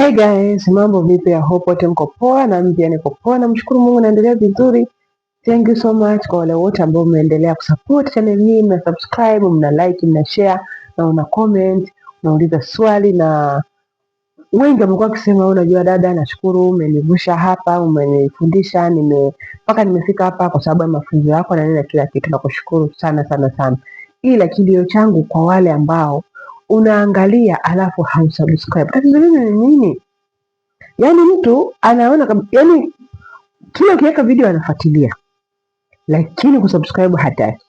Hey guys, mambo vipi? I hope wote mko poa na pia niko poa, namshukuru Mungu naendelea vizuri. Thank you so much kwa wale wote ambao mmeendelea kusupport channel hii, mna subscribe, mna like, mna share na una comment, unauliza swali na wengi wamekuwa wakisema unajua dada, nashukuru umenivusha hapa, umenifundisha nime mpaka nimefika hapa kwa sababu ya mafunzo yako na nini na kila kitu, nakushukuru sana sana sana. Ila kilio changu kwa wale ambao unaangalia alafu hausubscribe. Tatizo ni nini? Yaani mtu anaona yaani kila ukiweka video anafuatilia, lakini kusubscribe hataki.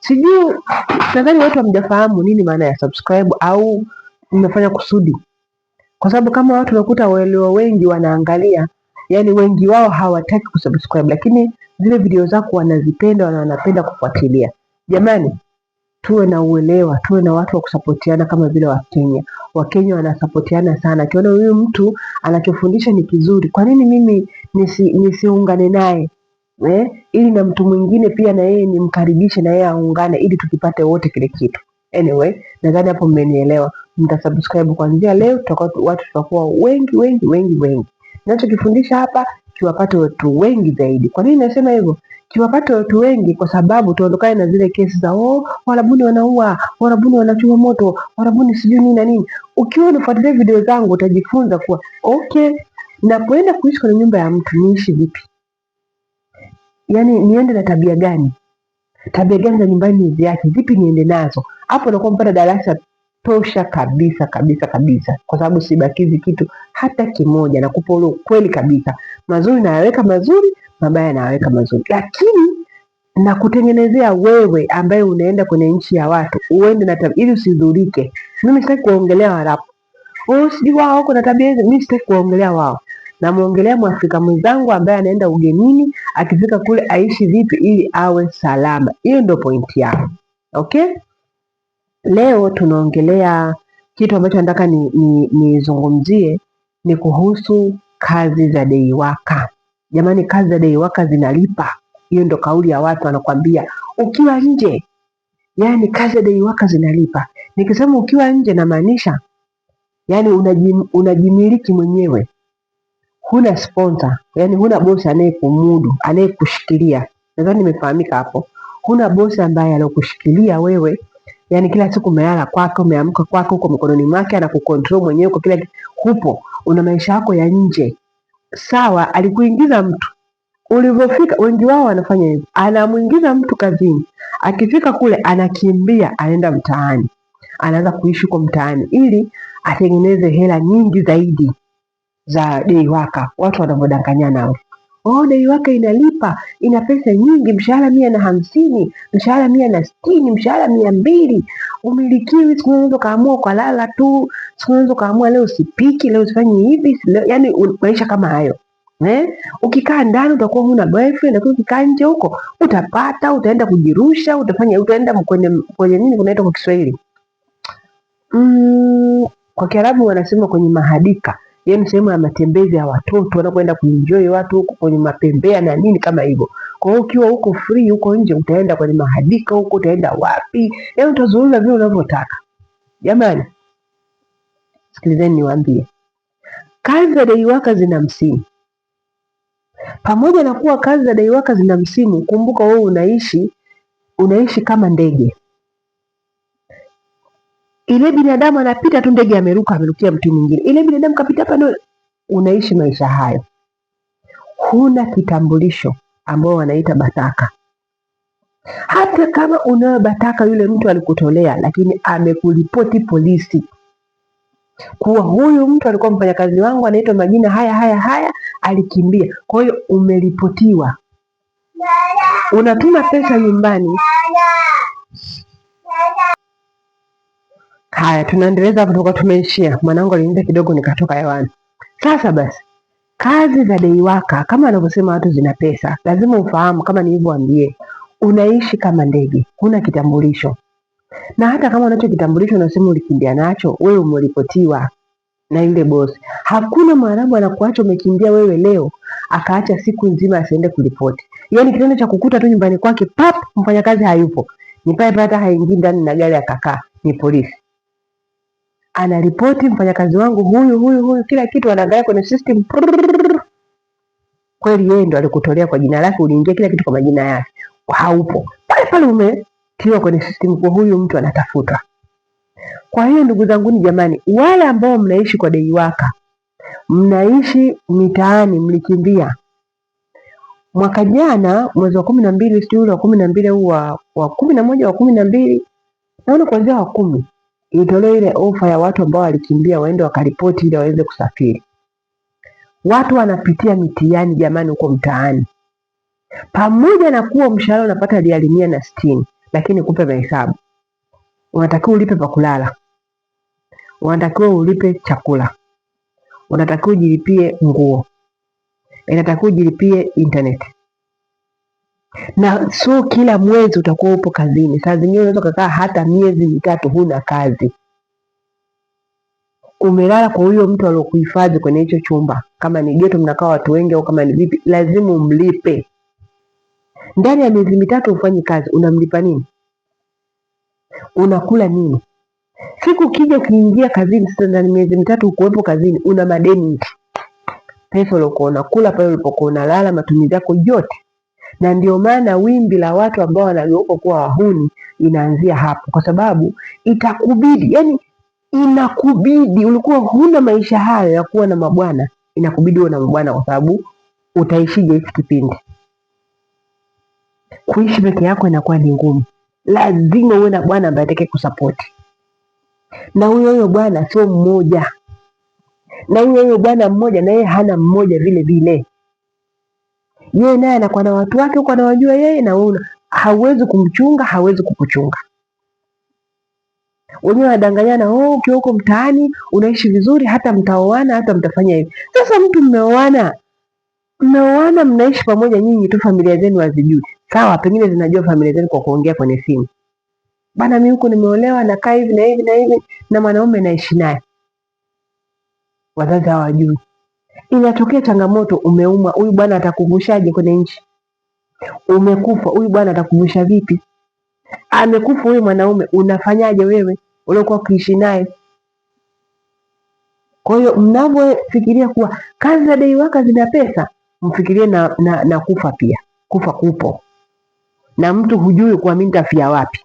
Sijui, nadhani watu hamjafahamu nini maana ya subscribe, au mmefanya kusudi, kwa sababu kama watu unakuta waelewa wengi wanaangalia, yani wengi wao hawataki kusubscribe, lakini zile video zako wanazipenda na wanapenda kufuatilia. Jamani, tuwe na uelewa, tuwe na watu wa kusapotiana kama vile Wakenya. Wakenya wanasapotiana sana, akiona huyu mtu anachofundisha ni kizuri, kwa nini mimi nisi, nisiungane naye eh? ili na mtu mwingine pia na yeye nimkaribishe na yeye aungane, ili tukipate wote kile kitu. Anyway, nadhani hapo mmenielewa. Mtasubscribe kuanzia leo, tutakuwa watu tutakuwa wengi wengi wengi wengi. Ninachokifundisha hapa kiwapate watu wengi zaidi. Kwa nini nasema hivyo? tuwapate watu wengi, kwa sababu tuondokane na zile kesi za oh, warabuni wanaua, warabuni wanachoma moto, warabuni sijui nini na nini. Ukiwa unafuatilia video zangu utajifunza kuwa okay, napoenda kuishi kwenye nyumba ya mtu niishi vipi? Yaani niende na tabia gani? Tabia gani za nyumbani ni ziache, zipi niende nazo? Hapo nakuwa mpata darasa tosha kabisa kabisa kabisa, kwa sababu sibakizi kitu hata kimoja. Nakupa ule ukweli kabisa, mazuri nayaweka mazuri, mabaya nayaweka mazuri, lakini na kutengenezea wewe ambaye unaenda kwenye nchi ya watu uende na ili usidhurike. Mimi sitaki kuongelea Waarabu, oh, sijui wao wako na tabia hizi. Mimi sitaki kuongelea wao, namwongelea mwafrika mwenzangu ambaye anaenda ugenini, akifika kule aishi vipi ili awe salama. Hiyo ndio pointi yao, okay. Leo tunaongelea kitu ambacho nataka nizungumzie ni, ni, ni kuhusu kazi za deiwaka. Jamani, kazi za deiwaka zinalipa. Hiyo ndo kauli ya watu wanakwambia ukiwa nje, yani kazi za deiwaka zinalipa. Nikisema ukiwa nje, namaanisha yani unajim, unajimiliki mwenyewe, huna sponsor, yani huna bosi anayekumudu anayekushikilia. Nadhani nimefahamika hapo. Huna bosi ambaye anakushikilia wewe Yaani kila siku umelala kwake, umeamka kwake, uko mkononi mwake, anakukontrol mwenyewe kwa kila hupo, una maisha yako ya nje. Sawa, alikuingiza mtu ulivyofika, wengi wao wanafanya hivyo, anamuingiza mtu kazini, akifika kule anakimbia, anaenda mtaani, anaanza kuishi huko mtaani ili atengeneze hela nyingi zaidi za dei waka. Watu wanavyodanganyana nao oh, deni wake inalipa, ina pesa nyingi, mshahara mia na hamsini, mshahara mia na sitini, mshahara mia mbili. Umilikiwi, siku unaweza ukaamua ukalala tu, siku unaweza ukaamua leo usipiki, leo sifanyi hivi, yani maisha kama hayo eh? Ukikaa ndani utakuwa huna boyfriend, lakini ukikaa nje huko utapata, utaenda kujirusha, utafanya, utaenda kwenye kwenye nini kunaitwa kwa Kiswahili mm, kwa Kiarabu wanasema kwenye mahadika Yaani ni sehemu ya matembezi ya watoto wanakwenda kuenjoy watu huko kwenye mapembea na nini kama hivyo. Kwa hiyo ukiwa huko free huko nje utaenda kwenye mahadika huko utaenda wapi? Yaani utazurura vile unavyotaka. Jamani, sikilizeni niwaambie. Kazi za daiwaka zina msimu. Pamoja na kuwa kazi za daiwaka zina msimu, kumbuka wewe unaishi unaishi kama ndege. Ile binadamu anapita tu, ndege ameruka, amerukia mtu mwingine, ile binadamu kapita hapa. unaishi maisha hayo, huna kitambulisho ambao wanaita bataka. Hata kama unayo bataka, yule mtu alikutolea, lakini amekuripoti polisi kuwa huyu mtu alikuwa mfanyakazi wangu, anaitwa majina haya haya haya, alikimbia. Kwa hiyo umeripotiwa. Unatuma pesa nyumbani. Haya, tunaendeleza hapo, tulikuwa tumeishia. Mwanangu aliniita kidogo, nikatoka hewani. Sasa basi, kazi za deiwaka kama anavyosema watu zina pesa, lazima ufahamu kama nilivyoambie, unaishi kama ndege, huna kitambulisho, na hata kama unacho kitambulisho unasema ulikimbia nacho, wewe umeripotiwa na yule bosi. Hakuna mwanadamu anakuacha umekimbia wewe leo akaacha siku nzima asiende kuripoti. Yaani kitendo cha kukuta tu nyumbani kwake pap, mfanyakazi hayupo, ni pale pale, hata haingii ndani na gari akakaa, ni polisi anaripoti mfanyakazi wangu huyu huyu huyu, kila kitu anaangalia kwenye system. Kweli yeye ndo alikutolea kwa jina lake, uliingia kila kitu kwa majina yake, haupo pale pale, umetiwa kwenye system kwa huyu mtu anatafuta. Kwa hiyo ndugu zangu ni jamani, wale ambao mnaishi kwa dei waka, mnaishi mitaani, mlikimbia mwaka jana mwezi wa kumi na mbili sijui ule wa kumi na mbili au wa kumi na moja wa kumi na mbili naona kuanzia wa kumi itolewe ile ofa ya watu ambao walikimbia waende wakaripoti ili waweze kusafiri. Watu wanapitia mitihani jamani, huko mtaani. Pamoja na kuwa mshahara unapata riali mia na sitini, lakini kupe mahesabu, unatakiwa ulipe pa kulala, unatakiwa ulipe chakula, unatakiwa ujilipie nguo, inatakiwa ujilipie intaneti, na sio kila mwezi utakuwa upo kazini. Saa zingine unaweza ukakaa hata miezi mitatu huna kazi, umelala kwa huyo mtu aliokuhifadhi kwenye hicho chumba, kama ni geto mnakaa watu wengi au kama ni vipi, lazima umlipe. Ndani ya miezi mitatu ufanyi kazi, unamlipa nini? Unakula nini? Siku kija ukiingia kazini sasa, ndani miezi mitatu ukuwepo kazini, una madeni, pesa uliokuwa unakula pale ulipokuwa unalala, matumizi yako yote na ndio maana wimbi la watu ambao wanageuka kuwa wahuni inaanzia hapo, kwa sababu itakubidi, yani inakubidi, ulikuwa huna maisha hayo ya kuwa na mabwana, inakubidi uwe na mabwana, kwa sababu utaishije hiki kipindi? Kuishi peke yako inakuwa ni ngumu, lazima uwe na bwana ambaye atake kusapoti, na huyo huyo bwana sio mmoja, na huyo huyo bwana mmoja na yeye hana mmoja vile vile yeye naye anakuwa na watu wake huko, anawajua yeye na wewe hauwezi kumchunga, hawezi kukuchunga. Wenyewe wanadanganyana, oh, ukiwa huko mtaani unaishi vizuri, hata mtaoana, hata mtafanya hivi. Sasa mtu mmeoana, mmeoana, mnaishi pamoja, nyinyi tu familia zenu hazijui, sawa? Pengine zinajua familia zenu kwa kuongea kwenye simu, bana, mimi huko nimeolewa, nakaa hivi na hivi na hivi na mwanaume naishi naye, wazazi hawajui inatokea changamoto, umeumwa, huyu bwana atakuvushaje kwenye nchi? Umekufa, huyu bwana atakuvusha vipi? Amekufa huyu mwanaume, unafanyaje wewe uliokuwa ukiishi naye? Kwa hiyo mnavyofikiria kuwa kazi za waka zina pesa, mfikirie na, na, na kufa pia. Kufa kupo na mtu hujui kwa mimi nitafia wapi.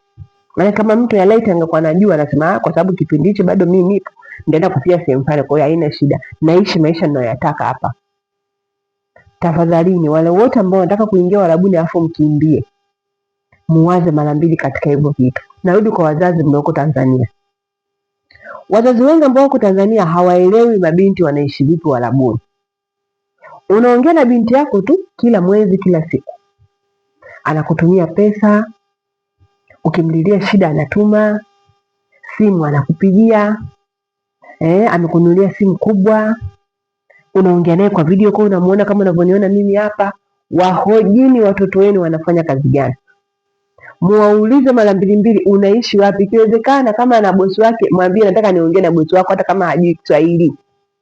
Maana kama mtu ya light angekuwa anajua, anasema ah, kwa sababu kipindi hichi bado mimi nipo, nitaenda kufia sehemu pale, kwa hiyo haina shida, naishi maisha ninayoyataka hapa. Tafadhalini wale wote ambao wanataka kuingia uarabuni afu mkimbie, muwaze mara mbili katika hivyo vitu. Narudi kwa wazazi mlioko Tanzania. Wazazi wengi ambao wako Tanzania hawaelewi mabinti wanaishi vipi uarabuni. Unaongea na binti yako tu kila mwezi, kila siku, anakutumia pesa, ukimlilia shida anatuma simu, anakupigia eh, amekununulia simu kubwa, unaongea naye kwa video call, unamuona kama unavyoniona mimi hapa. Wahojini watoto wenu wanafanya kazi gani, muwaulize mara mbili mbili, unaishi wapi? Ikiwezekana kama ana bosi wake, mwambie nataka niongee na bosi wako, hata kama hajui Kiswahili,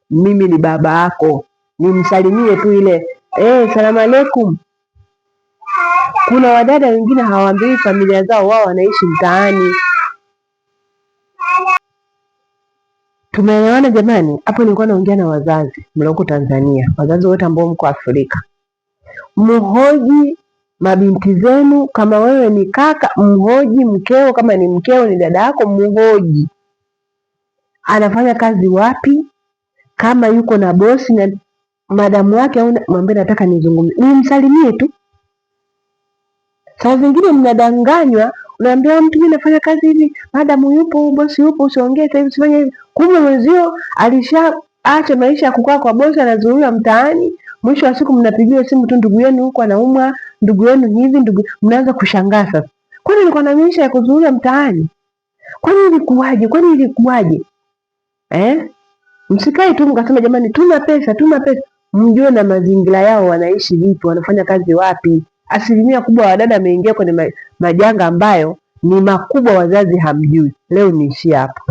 mimi ni baba yako, nimsalimie tu ile eh, salamu alaikum. Kuna wadada wengine hawaambii familia zao, wao wanaishi mtaani. Tumeelewana jamani? Hapo nilikuwa naongea na wazazi mlioko Tanzania, wazazi wote ambao mko Afrika, mhoji mabinti zenu. Kama wewe ni kaka, mhoji mkeo. Kama ni mkeo, ni dada yako, mhoji anafanya kazi wapi, kama yuko na bosi na madamu wake, au mwambie nataka nizungumze, nimsalimie tu. Saa zingine mnadanganywa unaambia mtu mimi nafanya kazi hivi, madamu yupo, bosi yupo, usiongee sasa hivi, usifanye hivi. Kumbe mwenzio alishaacha maisha ya kukaa kwa bosi, anazuiwa mtaani. Mwisho wa siku mnapigiwa simu tu, ndugu yenu huko anaumwa, ndugu yenu hivi, ndugu. Mnaanza kushangaa sasa, kwani nilikuwa na maisha ya kuzuiwa mtaani? Kwani ilikuwaje? Kwani ilikuwaje? Eh, msikae tu mkasema jamani, tuna pesa, tuna pesa. Mjue na mazingira yao wanaishi vipi, wanafanya kazi wapi asilimia kubwa wadada ameingia kwenye majanga ambayo ni makubwa, wazazi hamjui. Leo niishie hapa,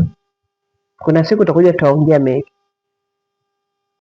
kuna siku tutakuja tutaongea mengi.